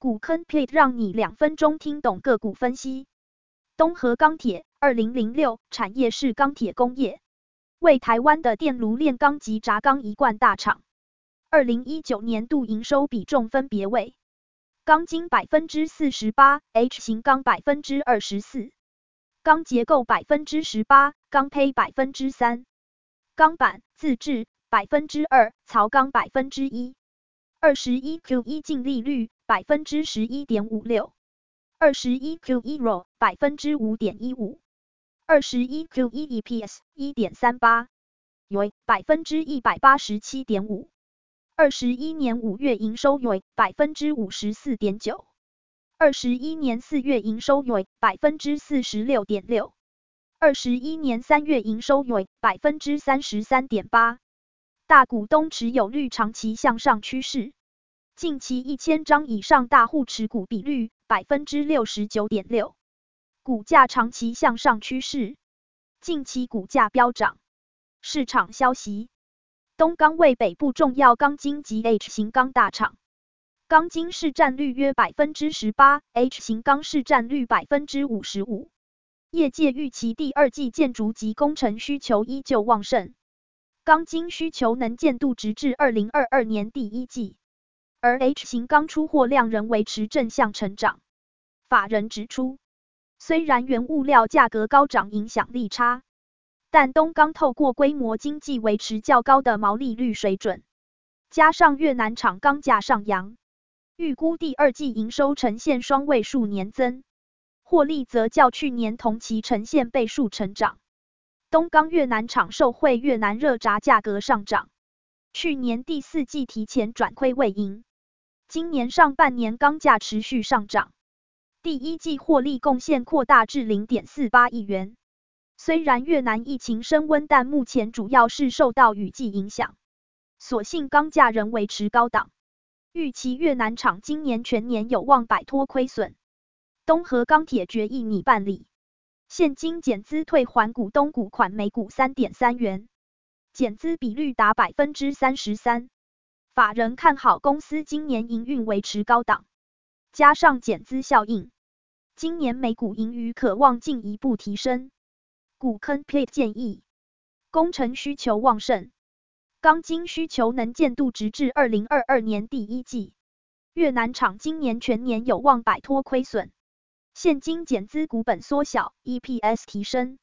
股坑 plate 讓你兩分鐘聽懂個股分析。東和鋼鐵二零零六產業是鋼鐵工業，為台灣的電爐煉鋼及軋鋼一貫大廠。二零一九年度營收比重分別為：鋼筋百分之四十八，H 型鋼百分之二十四，鋼結構百分之十八，鋼坯百分之三，鋼板自制百分之二，槽鋼百分之一。二十一 Q 一淨利率。百分之十一點五六，二十一 Q 一 ROE 百分之五點一五，二十一 Q 一 EPS 一點三八約百分之一百八十七點五，二十一年五月營收 y 百分之五十四點九，二十一年四月營收 y 百分之四十六點六，二十一年三月營收 y 百分之三十三點八，大股東持有率長期向上趨勢。近期一千張以上大戶持股比率百分之六十九點六，股價長期向上趨勢，近期股價飆漲。市場消息，東鋼為北部重要鋼筋及 H 型鋼大廠，鋼筋市占率約百分之十八，H 型鋼市占率百分之五十五。業界預期第二季建築及工程需求依舊旺盛，鋼筋需求能見度直至二零二二年第一季。而 H 型鋼出貨量仍維持正向成長。法人指出，雖然原物料價格高漲影響利差，但東鋼透過規模經濟維持較高的毛利率水準，加上越南廠鋼價上揚，預估第二季營收呈現雙位數年增，獲利則較去年同期呈現倍數成長。東鋼越南廠受惠越南熱軋價格上漲，去年第四季提前轉虧為盈。今年上半年鋼價持續上漲，第一季獲利貢獻擴大至零點四八億元。雖然越南疫情升溫，但目前主要是受到雨季影響，所幸鋼價仍維持高檔。預期越南廠今年全年有望擺脫虧損。東和鋼鐵決議擬辦理現金減資退還股東股款，每股三點三元，減資比率達百分之三十三。法人看好公司今年營運維持高檔，加上減資效應，今年每股盈餘可望進一步提升。股坑 plate 建議，工程需求旺盛，鋼筋需求能見度直至二零二二年第一季，越南廠今年全年有望擺脫虧損，現金減資股本縮小，EPS 提升。